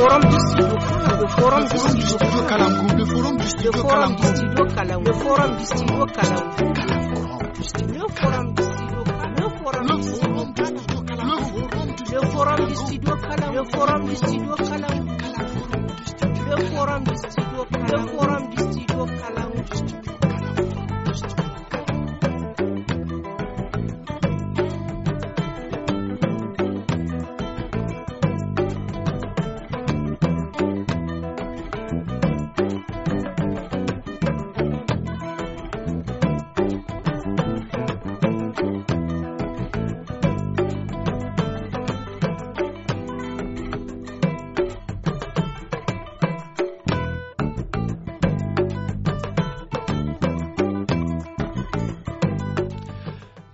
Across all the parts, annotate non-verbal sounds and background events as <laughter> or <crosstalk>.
forum du studio le forum du forum forum forum forum forum forum forum forum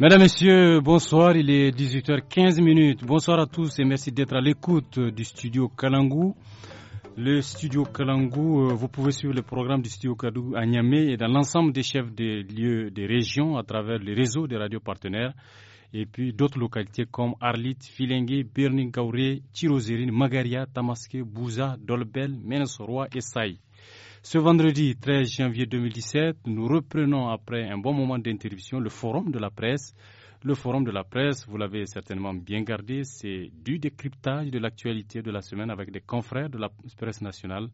Mesdames, Messieurs, bonsoir. Il est 18h15 minutes. Bonsoir à tous et merci d'être à l'écoute du studio Kalangou. Le studio Kalangou, euh, vous pouvez suivre le programme du studio Kadou à Niamey et dans l'ensemble des chefs des lieux des régions à travers les réseaux des radios partenaires et puis d'autres localités comme Arlit, Filengue, Birning Gauré, Magaria, Tamaské, Bouza, Dolbel, Menesoroa et Saï. Ce vendredi 13 janvier 2017, nous reprenons après un bon moment d'interruption le forum de la presse. Le forum de la presse, vous l'avez certainement bien gardé, c'est du décryptage de l'actualité de la semaine avec des confrères de la presse nationale,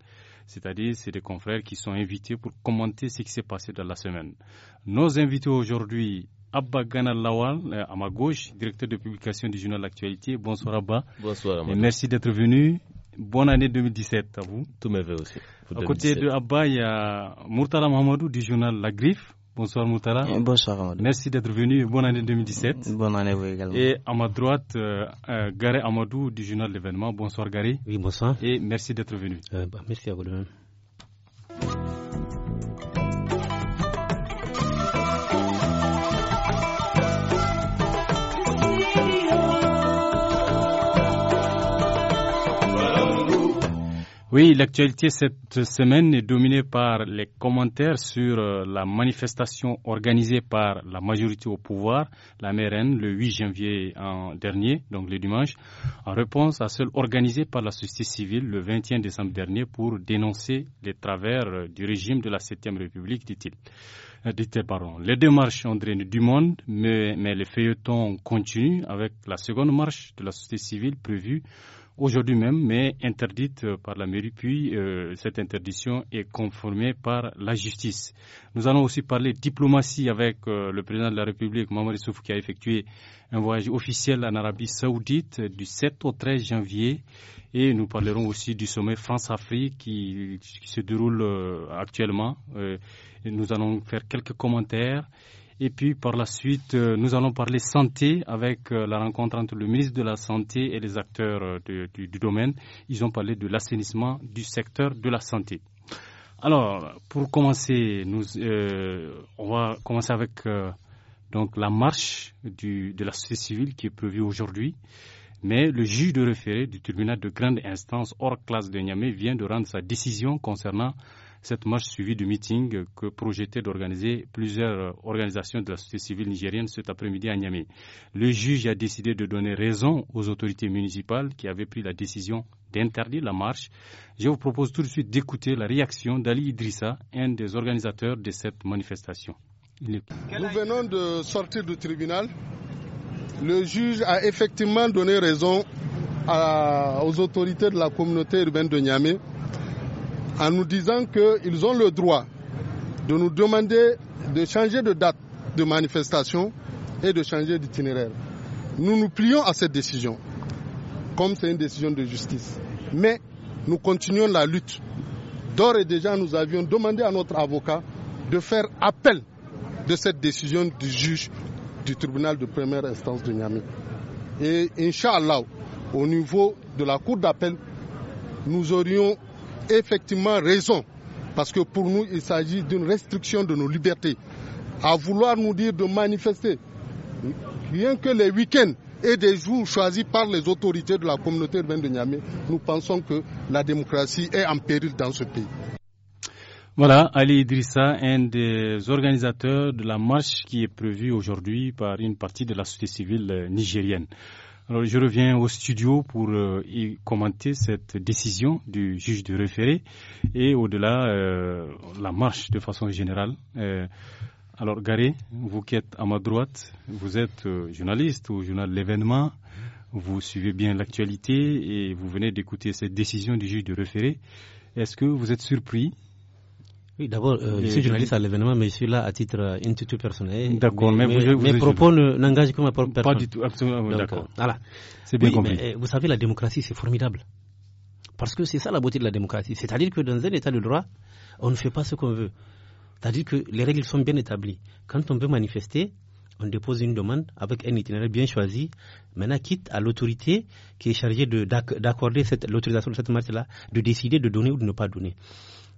c'est-à-dire c'est des confrères qui sont invités pour commenter ce qui s'est passé dans la semaine. Nos invités aujourd'hui, Abba Ganal Lawal, euh, à ma gauche, directeur de publication du journal Actualité. Bonsoir Abba. Bonsoir. merci d'être venu. Bonne année 2017 à vous. Tout mes voeux aussi. A côté de Abba, il y a Murtala Mahamadou du journal La Griffe. Bonsoir Murtala. Euh, bonsoir Amadou. Merci d'être venu. Bonne année 2017. Bonne année vous également. Et à ma droite, euh, euh Amadou du journal L'événement. Bonsoir Gary. Oui, bonsoir. Et merci d'être venu. Euh, bah, merci à vous de Oui, l'actualité cette semaine est dominée par les commentaires sur euh, la manifestation organisée par la majorité au pouvoir, la MRN, le 8 janvier en dernier, donc le dimanche, en réponse à celle organisée par la société civile le 21 décembre dernier pour dénoncer les travers euh, du régime de la 7e République, dit-il. Euh, les démarches ont drainé du monde, mais, mais les feuilletons continuent avec la seconde marche de la société civile prévue aujourd'hui même, mais interdite euh, par la mairie, puis euh, cette interdiction est conformée par la justice. Nous allons aussi parler diplomatie avec euh, le président de la République, Mamadou Souf, qui a effectué un voyage officiel en Arabie saoudite du 7 au 13 janvier. Et nous parlerons aussi du sommet France-Afrique qui, se déroule actuellement. nous allons faire quelques commentaires. Et puis par la suite, euh, nous allons parler santé avec euh, la rencontre entre le ministre de la Santé et les acteurs euh, du, domaine. Ils ont parlé de l'assainissement du secteur de la santé. Alors, pour commencer, nous, on va commencer avec donc la marche de la société civile qui est prévue aujourd'hui. Mais le juge de référé du tribunal de grande instance hors classe de Niamey vient de rendre sa décision concernant cette marche suivie du meeting que projetaient d'organiser plusieurs euh, organisations de la société civile nigérienne cet après-midi à Niamey. Le juge a décidé de donner raison aux autorités municipales qui avaient pris la décision d'interdire la marche. Je vous propose tout de suite d'écouter la réaction d'Ali Idrissa, un des organisateurs de cette manifestation. Nous venons de sortir du tribunal. Le juge a effectivement donné raison aux autorités de la communauté urbaine de Niamey en nous disant qu'ils ont le droit de nous demander de changer de date de manifestation et de changer d'itinéraire. Nous nous plions à cette décision, comme c'est une décision de justice. Mais nous continuons la lutte. D'ores et déjà, nous avions demandé à notre avocat de faire appel de cette décision du juge du tribunal de première instance de Niamey. Et Inch'Allah, au niveau de la cour d'appel, nous aurions effectivement raison, parce que pour nous, il s'agit d'une restriction de nos libertés. À vouloir nous dire de manifester, rien que les week-ends et des jours choisis par les autorités de la communauté urbaine de Niamey, nous pensons que la démocratie est en péril dans ce pays. Voilà, Ali Idrissa, un des organisateurs de la marche qui est prévue aujourd'hui par une partie de la société civile nigérienne. Alors, je reviens au studio pour euh, y commenter cette décision du juge de référé et au-delà, euh, la marche de façon générale. Euh, alors, Garé, vous qui êtes à ma droite, vous êtes journaliste au journal L'événement, vous suivez bien l'actualité et vous venez d'écouter cette décision du juge de référé. Est-ce que vous êtes surpris oui, d'abord, euh, je suis journaliste à l'événement, mais je suis là à titre euh, personnel. D'accord, mais, vous, mes propos n'engagent que ma propre personne. Pas du tout, absolument, d'accord. Euh, voilà. C'est bien compris. Euh, vous savez, la démocratie, c'est formidable. Parce que c'est ça la beauté de la démocratie. C'est-à-dire que dans un état de droit, on ne fait pas ce qu'on veut. C'est-à-dire que les règles sont bien établies. Quand on veut manifester, on dépose une demande avec un itinéraire bien choisi. Maintenant, quitte à l'autorité qui est chargée d'accorder l'autorisation de cette marche-là, de décider de donner ou de ne pas donner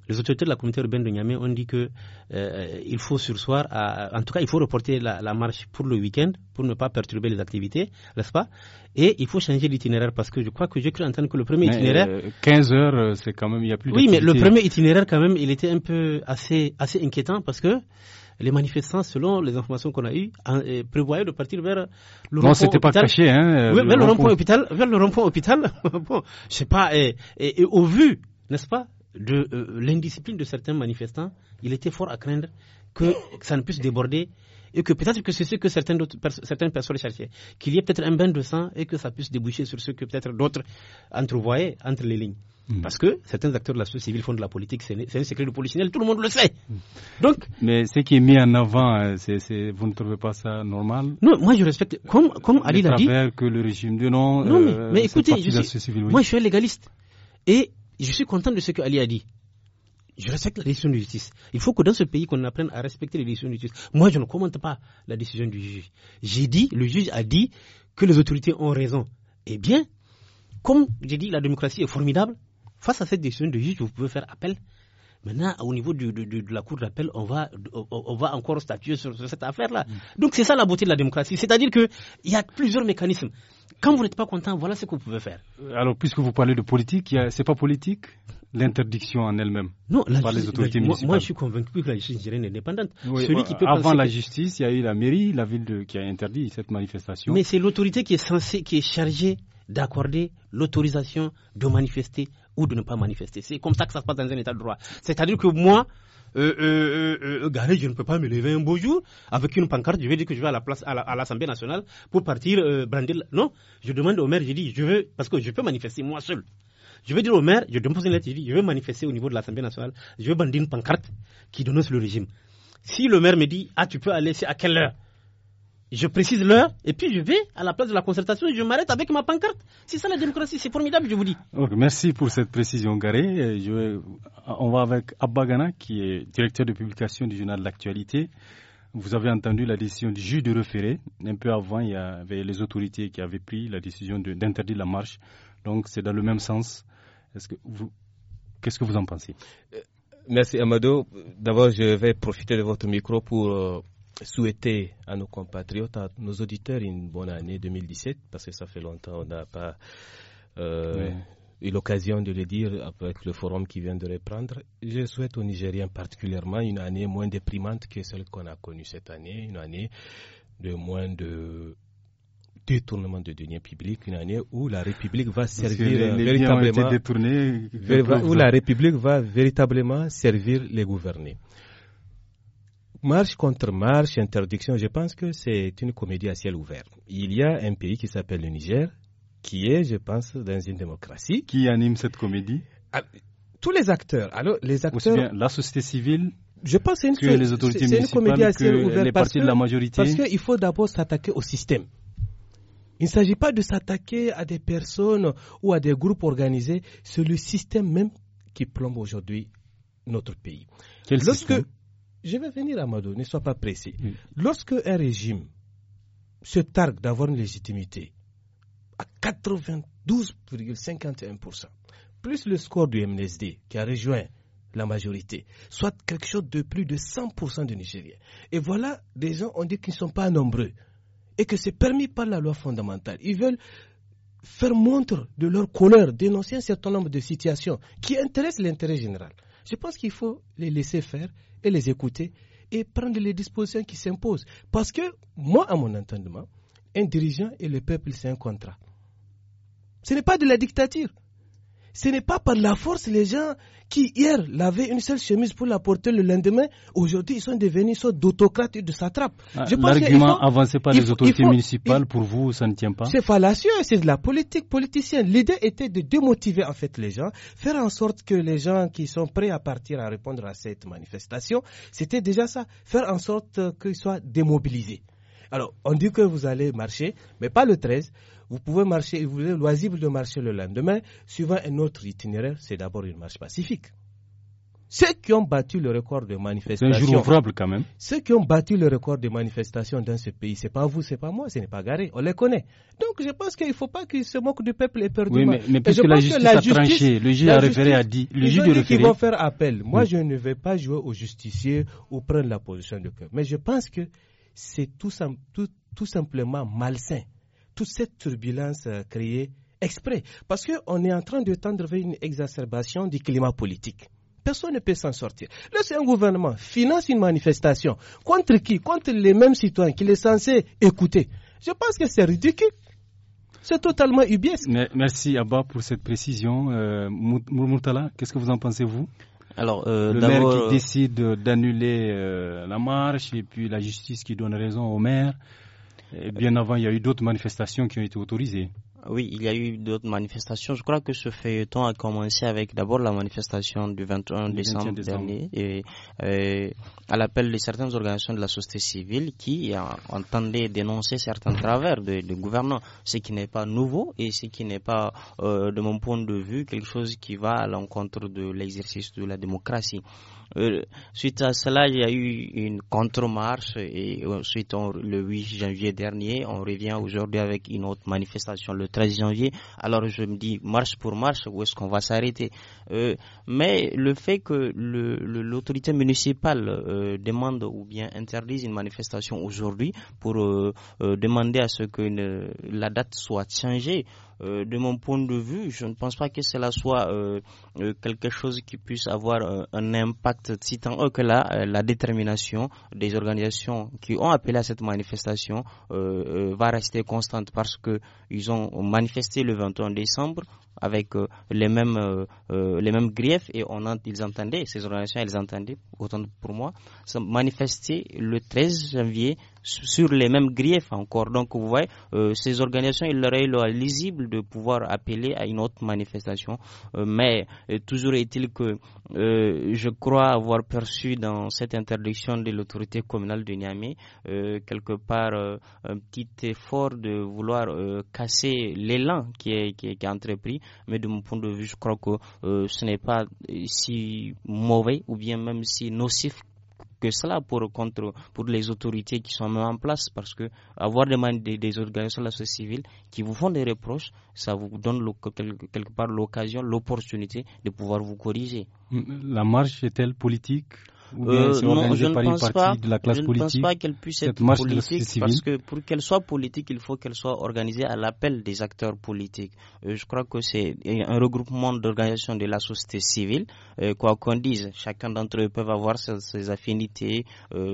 les autorités de la communauté urbaine de Niamey ont dit que euh, il faut sursoir, à, en tout cas, il faut reporter la, marche pour le week-end pour ne pas perturber les activités, n'est-ce pas Et il faut changer l'itinéraire parce que je crois que j'ai cru entendre que le premier itinéraire. 15 euh, heures, euh, c'est quand même, il n'y a plus Oui, mais le premier itinéraire, quand même, il était un peu assez, assez inquiétant parce que les manifestants, selon les informations qu'on a eues, prévoyaient de partir vers le non, c'était pas caché, hein, vers le rond hôpital, vers le <laughs> bon, je sais pas. et, au vu, n'est-ce pas, de euh, l'indiscipline de certains manifestants, il était fort à craindre que ça ne puisse déborder et que peut-être que c'est ce que certaines, personnes cherchaient, qu'il y ait peut-être un bain de sang et que ça puisse déboucher sur ce que peut-être d'autres entrevoyaient entre les lignes. Hmm. Parce que certains acteurs de la société civile font de la politique, c'est un secret de policier, tout le monde le sait. Hmm. Donc, Mais ce qui est mis en avant, euh, vous ne trouvez pas ça normal Non, moi je respecte, comme, Ali l'a dit. que le régime de non. Non, mais, euh, mais écoutez, suis, moi je suis un légaliste. Et je suis content de ce que Ali a dit. Je respecte la décision de justice. Il faut que dans ce pays, qu'on apprenne à respecter les décisions de justice. Moi, je ne commente pas la décision du juge. J'ai dit, le juge a dit que les autorités ont raison. Eh bien, comme j'ai dit, la démocratie est formidable. Face à cette décision de juge, vous pouvez faire appel. Maintenant, au niveau de, la Cour d'appel, on va, on, va encore statuer sur, cette affaire-là. Mm. Donc, c'est ça la beauté de la démocratie. C'est-à-dire qu'il y a plusieurs mécanismes. Quand vous n'êtes pas content, voilà ce que vous pouvez faire. Euh, alors, puisque vous parlez de politique, n'est pas politique l'interdiction en elle-même les autorités Moi, je suis convaincu que la justice est indépendante. avant la justice, il y a eu la mairie, la ville qui a interdit cette manifestation. Mais c'est l'autorité qui est censée, qui est chargée d'accorder l'autorisation de manifester ou de ne pas manifester. C'est comme ça que ça se passe dans un état de droit. C'est-à-dire que moi, euh, euh, euh, euh je ne peux pas me lever un beau jour avec une pancarte, je vais dire que je vais à la place à l'Assemblée nationale pour partir euh, brandir. Non, je demande au maire, je dis, je veux, parce que je peux manifester moi seul. Je vais dire au maire, je demande une lettre, je dis, je veux manifester au niveau de l'Assemblée nationale, je veux brandir une pancarte qui dénonce le régime. Si le maire me dit, ah, tu peux aller, c'est à quelle heure je précise l'heure, et puis je vais à la place de la concertation et je m'arrête avec ma pancarte. C'est ça la démocratie, c'est formidable, je vous dis. merci pour cette précision, Garé. on va avec Abba Gana, qui est directeur de publication du journal L'Actualité. Vous avez entendu la décision du juge de référé. Un peu avant, il y avait les autorités qui avaient pris la décision d'interdire la marche. Donc, c'est dans le même sens. qu'est-ce que vous en pensez euh, Merci, Amado. D'abord, je vais profiter de votre micro pour euh, souhaiter à nos compatriotes, à nos auditeurs une bonne année 2017, parce que ça fait longtemps qu'on n'a pas euh, eu l'occasion de le dire avec le forum qui vient de reprendre. Je souhaite aux Nigériens particulièrement une année moins déprimante que celle qu'on a connue cette année, une année de moins de détournement de deniers publics, une année où la République va servir véritablement, où la République va véritablement servir les gouvernés marche contre marche, interdiction, je pense que c'est une comédie à ciel ouvert. Il y a un pays qui s'appelle le Niger, qui est, je pense, dans une démocratie. Qui anime cette comédie ah, Tous les acteurs. Alors, les acteurs. la société civile je pense c'est une, les autorités comédie à ciel ouvert. Les partis de la majorité. Parce qu'il faut d'abord s'attaquer au système. Il ne s'agit pas de s'attaquer à des personnes ou à des groupes organisés, c'est le système même qui plombe aujourd'hui notre pays. Quel Lorsque système je vais venir à Madou, ne sois pas précis. Lorsqu'un Lorsque un régime se targue d'avoir une légitimité à 92,51%, plus le score du MNSD qui a rejoint la majorité, soit quelque chose de plus de 100% de Nigériens. Et voilà, des gens ont dit qu'ils ne sont pas nombreux et que c'est permis par la loi fondamentale. Ils veulent faire montre de leur couleur, dénoncer un certain nombre de situations qui intéressent l'intérêt général. Je pense qu'il faut les laisser faire et les écouter et prendre les dispositions qui s'imposent. Parce que, moi, à mon entendement, un dirigeant et le peuple, c'est un contrat. Ce n'est pas de la dictature. Ce n'est pas par la force les gens qui hier lavaient une seule chemise pour la porter le lendemain, aujourd'hui ils sont devenus sorte d'autocrates et de satrapes. L'argument avancé par les autorités municipales pour vous, ça ne tient pas C'est fallacieux, c'est de la politique politicienne. L'idée était de démotiver en fait les gens, faire en sorte que les gens qui sont prêts à partir à répondre à cette manifestation, c'était déjà ça, faire en sorte euh, qu'ils soient démobilisés. Alors, on dit que vous allez marcher, mais pas le 13. Vous pouvez marcher, vous êtes loisible de marcher le lendemain, suivant un autre itinéraire, c'est d'abord une marche pacifique. Ceux qui ont battu le record de manifestation... C'est un jour ouvrable quand même. Ceux qui ont battu le record de manifestation dans ce pays, ce n'est pas vous, ce n'est pas moi, ce n'est pas Garé, on les connaît. Donc je pense qu'il ne faut pas qu'ils se moquent du peuple perdu. Oui, mais, puisque la justice, le juge a référé à dit. Le juge de référé. vont faire appel. Moi, je ne vais pas jouer au justicier ou prendre la position de cœur. Mais je pense que c'est tout, simplement malsain. Toute cette turbulence euh, créée exprès. Parce qu'on est en train de tendre vers une exacerbation du climat politique. Personne ne peut s'en sortir. un gouvernement finance une manifestation, contre qui Contre les mêmes citoyens qu'il est censé écouter. Je pense que c'est ridicule. C'est totalement ubiesque. Merci Abba pour cette précision. Euh, qu'est-ce que vous en pensez, vous alors, euh, le maire qui euh, décide d'annuler euh, la marche et puis la justice qui donne raison au maire. bien avant, il y a eu d'autres manifestations qui ont été autorisées oui, il y a eu d'autres manifestations. Je crois que ce feuilleton a commencé avec d'abord la manifestation du 21 décembre, dernier et euh, à l'appel de certaines organisations de la société civile qui entendaient dénoncer certains travers du de, gouvernement, ce qui n'est pas nouveau et ce qui n'est pas, euh, de mon point de vue, quelque chose qui va à l'encontre de l'exercice de la démocratie. Euh, suite à cela, il y a eu une contre-marche et ensuite, le 8 janvier dernier, on revient aujourd'hui avec une autre manifestation le 13 janvier. Alors je me dis, marche pour marche, où est-ce qu'on va s'arrêter euh, Mais le fait que l'autorité municipale euh, demande ou bien interdise une manifestation aujourd'hui pour demander à ce que la date soit changée, euh, de mon point de vue, je ne pense pas que cela soit euh, euh, quelque chose qui puisse avoir un impact si tant que là, la détermination des organisations qui ont appelé à cette manifestation va rester constante parce qu'ils ont manifesté le 21 décembre, avec euh, les mêmes euh, euh, les mêmes griefs et on ils entendaient ces organisations elles entendaient autant pour moi se manifester le 13 janvier sur les mêmes griefs encore donc vous voyez ces organisations il leur est lisible de pouvoir appeler à une autre manifestation mais toujours est-il que je crois avoir perçu dans cette interdiction de l'autorité communale de Niamey quelque part un petit effort de vouloir casser l'élan qui qui est, qui est entrepris mais de mon point de vue, je crois que euh, ce n'est pas si mauvais ou bien même si nocif que cela pour, contre, pour les autorités qui sont mises en place parce que avoir des, des organisations de la société civile qui vous font des reproches, ça vous donne quelque part l'occasion, l'opportunité de pouvoir vous corriger. La marche est-elle politique euh, non, je ne pense pas, qu'elle puisse être politique parce que pour qu'elle soit politique, il faut qu'elle soit organisée à l'appel des acteurs politiques. Euh, je crois que c'est un regroupement d'organisations de la société civile, euh, quoi qu'on dise. Chacun d'entre eux peut avoir ses, affinités,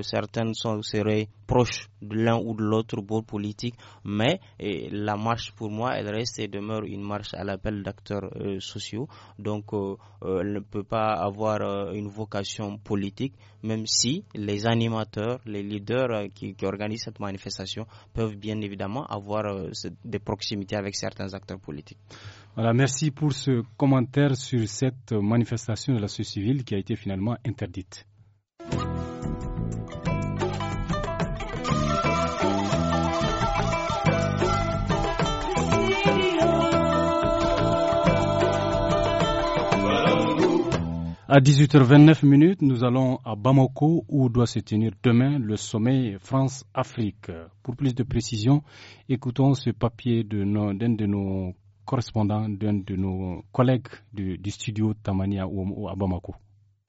certaines sont, seraient proches de l'un ou de l'autre bord politique, mais la marche pour moi, elle reste et demeure une marche à l'appel d'acteurs euh, sociaux, donc euh, euh, elle ne peut pas avoir une vocation politique, même si les animateurs, les leaders qui, qui, organisent cette manifestation peuvent bien évidemment avoir des proximités avec certains acteurs politiques. Voilà, merci pour ce commentaire sur cette manifestation de la société civile qui a été finalement interdite. À 18h29 nous allons à Bamako où doit se tenir demain le sommet France-Afrique. Pour plus de précision, écoutons ce papier d'un de, nos correspondants, d'un de nos collègues du, du studio Tamania à Bamako.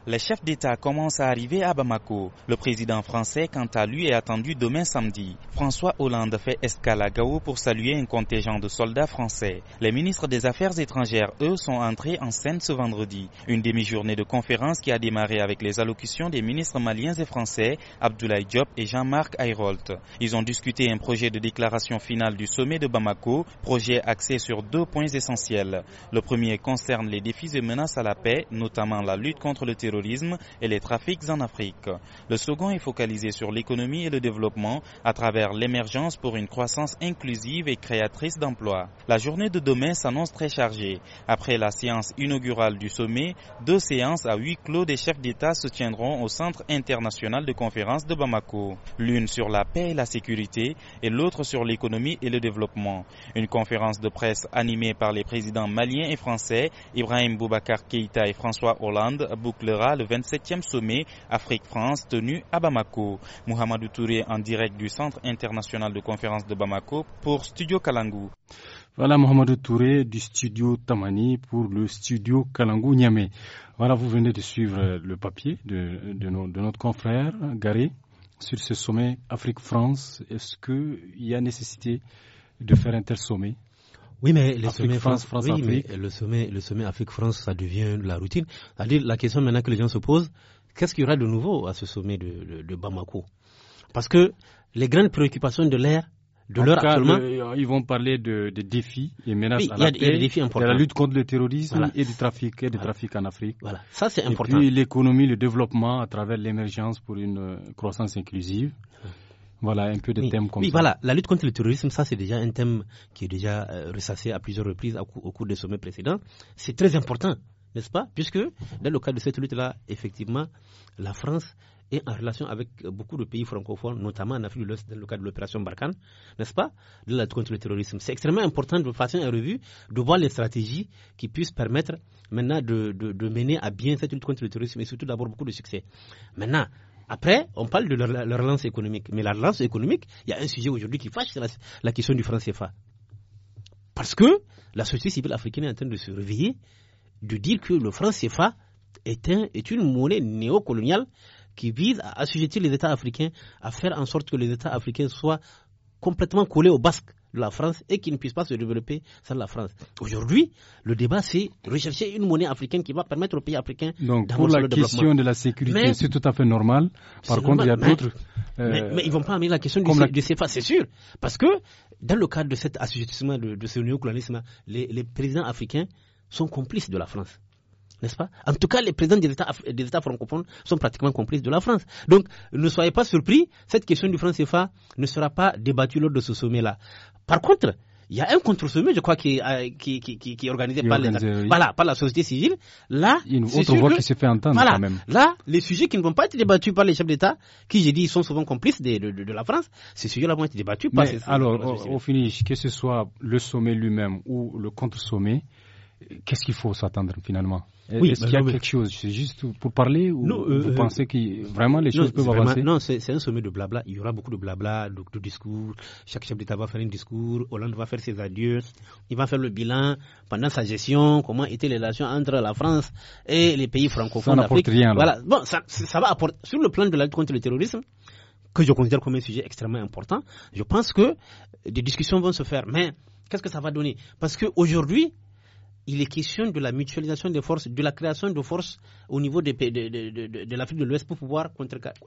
Les chefs d'État commencent à arriver à Bamako. Le président français, quant à lui, est attendu demain samedi. François Hollande fait escale à Gao pour saluer un contingent de soldats français. Les ministres des Affaires étrangères, eux, sont entrés en scène ce vendredi. Une demi-journée de conférence qui a démarré avec les allocutions des ministres maliens et français, Abdoulaye Diop et Jean-Marc Ayrault. Ils ont discuté un projet de déclaration finale du sommet de Bamako, projet axé sur deux points essentiels. Le premier concerne les défis et menaces à la paix, notamment la lutte contre le terrorisme terrorisme et les trafics en Afrique. Le second est focalisé sur l'économie et le développement à travers l'émergence pour une croissance inclusive et créatrice d'emplois. La journée de demain s'annonce très chargée. Après la séance inaugurale du sommet, deux séances à huis clos des chefs d'État se tiendront au Centre international de conférences de Bamako. L'une sur la paix et la sécurité et l'autre sur l'économie et le développement. Une conférence de presse animée par les présidents maliens et français, Ibrahim Boubacar Keïta et François Hollande, bouclera le 27e sommet Afrique-France tenu à Bamako. Mohamedou Touré en direct du Centre international de conférence de Bamako pour Studio Kalangu. Voilà Mohamedou Touré du studio Tamani pour le studio Kalangu Niamey. Voilà, vous venez de suivre le papier de, de notre confrère Garé sur ce sommet Afrique-France. Est-ce qu'il y a nécessité de faire un tel sommet oui, mais le sommet le sommet, le sommet Afrique-France, ça devient la routine. C'est-à-dire, la question maintenant que les gens se posent, qu'est-ce qu'il y aura de nouveau à ce sommet de, Bamako Parce que les grandes préoccupations de l'air, de l'heure actuellement. Euh, ils vont parler de, défis et menaces à la, de la lutte contre le terrorisme et du trafic et du trafic en Afrique. Voilà, ça c'est important. Et puis l'économie, le développement à travers l'émergence pour une euh, croissance inclusive. Voilà, un peu de thèmes oui, voilà, la lutte contre le terrorisme, ça c'est déjà un thème qui est déjà euh, ressassé à plusieurs reprises au, cours des sommets précédents. C'est très important, n'est-ce pas Puisque dans le cadre de cette lutte-là, effectivement, la France est en relation avec euh, beaucoup de pays francophones, notamment en Afrique de l'Ouest, dans le cadre de l'opération Barkhane, n'est-ce pas De la lutte contre le terrorisme. C'est extrêmement important de faire une revue, de voir les stratégies qui puissent permettre maintenant de, de mener à bien cette lutte contre le terrorisme et surtout d'avoir beaucoup de succès. Maintenant, après, on parle de la, relance économique. Mais la relance économique, il y a un sujet aujourd'hui qui fâche, c'est la, question du franc CFA. Parce que la société civile africaine est en train de se réveiller, de dire que le franc CFA est, est une monnaie néocoloniale qui vise à assujettir les États africains, à faire en sorte que les États africains soient complètement collés au Basque de la France et qui ne puisse pas se développer sans la France. Aujourd'hui, le débat, c'est rechercher une monnaie africaine qui va permettre aux pays africains Donc, pour la question de la sécurité, c'est tout à fait normal. Par contre, il y a d'autres. Mais, euh, mais, ils vont pas amener la question du, CFA, c'est sûr. Parce que, dans le cadre de cet assujettissement, de, ce néocolonialisme, les présidents africains sont complices de la France n'est-ce pas En tout cas, les présidents des États, francophones sont pratiquement complices de la France. Donc, ne soyez pas surpris, cette question du franc CFA ne sera pas débattue lors de ce sommet-là. Par contre, il y a un contre-sommet, je crois, qui, est organisé, par, la société civile. Là, une autre voix qui fait entendre quand même. Là, les sujets qui ne vont pas être débattus par les chefs d'État, qui, j'ai dit, sont souvent complices de, la France, ces sujets-là vont être débattus par Alors, au, au finish, que ce soit le sommet lui-même ou le contre-sommet, qu'est-ce qu'il faut s'attendre finalement euh, oui, est-ce bah, qu'il y a quelque chose C'est juste pour parler ou euh, vous euh, pensez que vraiment les choses peuvent avancer Non, c'est un sommet de blabla. Il y aura beaucoup de blabla, de, discours. Chaque chef d'État va faire un discours. Hollande va faire ses adieux. Il va faire le bilan pendant sa gestion. Comment étaient les relations entre la France et les pays francophones d'Afrique Voilà. Bon, ça, ça va apporter sur le plan de la lutte contre le terrorisme que je considère comme un sujet extrêmement important. Je pense que des discussions vont se faire, mais qu'est-ce que ça va donner Parce qu'aujourd'hui, il est question de la mutualisation des forces, de la création de forces au niveau de, de, l'Afrique de l'Ouest pour pouvoir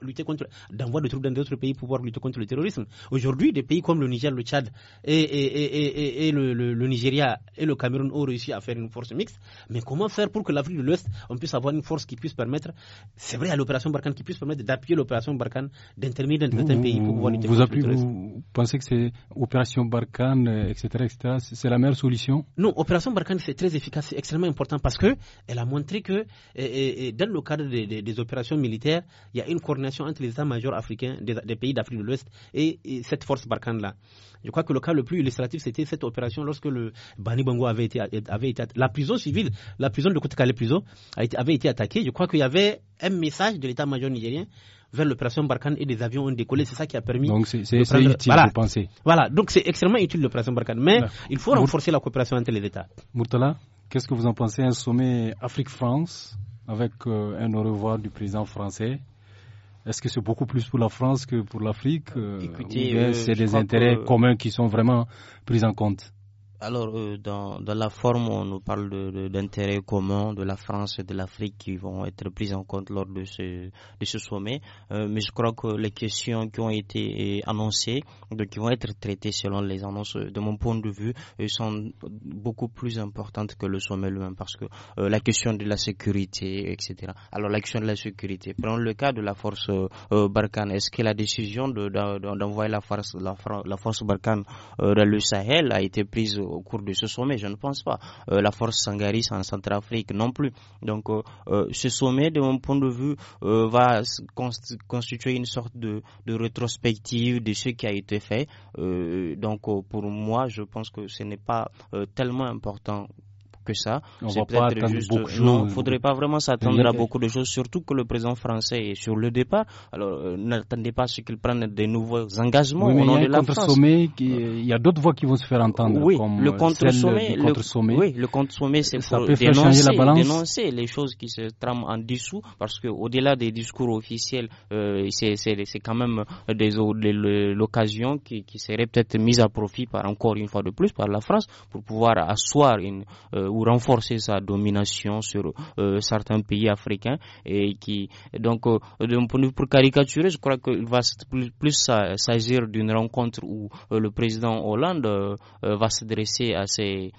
lutter contre, d'envoi de troupes dans d'autres pays pour pouvoir lutter contre le terrorisme. Aujourd'hui, des pays comme le Niger, le Tchad et, le, Nigeria et le Cameroun ont réussi à faire une force mixte. Mais comment faire pour que l'Afrique de l'Ouest, on puisse avoir une force qui puisse permettre, c'est vrai, à l'opération Barkhane, qui puisse permettre d'appuyer l'opération Barkhane, d'intervenir dans certains pays pour pouvoir lutter contre le terrorisme Vous pensez que c'est opération Barkhane, etc., etc., c'est la meilleure solution Non, opération Barkhane, c'est très efficace, extrêmement important parce qu'elle a montré que dans le cadre des, opérations militaires, il y a une coordination entre les États-majors africains des, pays d'Afrique de l'Ouest et, cette force Barkhane là. Je crois que le cas le plus illustratif, c'était cette opération lorsque le Bani Bongo avait été, avait été la prison civile, la prison de Kotakale prison avait été attaquée. Je crois qu'il y avait un message de l'état-major nigérien vers l'opération Barkhane et des avions ont décollé. C'est ça qui a permis. Donc c'est prendre... utile, voilà. penser. Voilà, donc c'est extrêmement utile l'opération Barkhane. Mais il faut renforcer la coopération entre les États. Murtala, qu'est-ce que vous en pensez Un sommet Afrique-France avec euh, un au revoir du président français est-ce que c'est beaucoup plus pour la France que pour l'Afrique euh, Écoutez, euh, c'est des intérêts communs qui sont vraiment pris en compte alors, euh, dans, dans, la forme, on nous parle d'intérêts communs de la France et de l'Afrique qui vont être pris en compte lors de ce, de ce sommet. Euh, mais je crois que les questions qui ont été euh, annoncées, donc qui vont être traitées selon les annonces, de mon point de vue, sont beaucoup plus importantes que le sommet lui-même parce que la question de la sécurité, etc. Alors, la question de la sécurité. Prenons le cas de la force Barkhane. Est-ce que la décision d'envoyer de, la, force, la, la force Barkhane dans le Sahel a été prise au cours de ce sommet, je ne pense pas. Euh, la force sangariste en Centrafrique non plus. Donc euh, euh, ce sommet, de mon point de vue, va constituer une sorte de, de, rétrospective de ce qui a été fait. donc pour moi, je pense que ce n'est pas tellement important que ça. On va pas attendre beaucoup Non, faudrait pas vraiment s'attendre à beaucoup de choses, surtout que le président français est sur le départ. Alors, euh, n'attendez pas ce qu'il prenne des nouveaux engagements oui, mais au nom il y a de la il y a d'autres voix qui vont se faire entendre. Oui, le contre-sommet. Contre oui, le contre-sommet, c'est pour dénoncer, les choses qui se trament en dessous, parce qu'au-delà des discours officiels, euh, c'est quand même l'occasion qui, serait peut-être mise à profit par encore une fois de plus par la France pour pouvoir asseoir une... Euh, renforcer sa domination sur euh, certains pays africains et qui donc euh, pour caricaturer, je crois qu'il va plus s'agir d'une rencontre où euh, le président Hollande va s'adresser à ses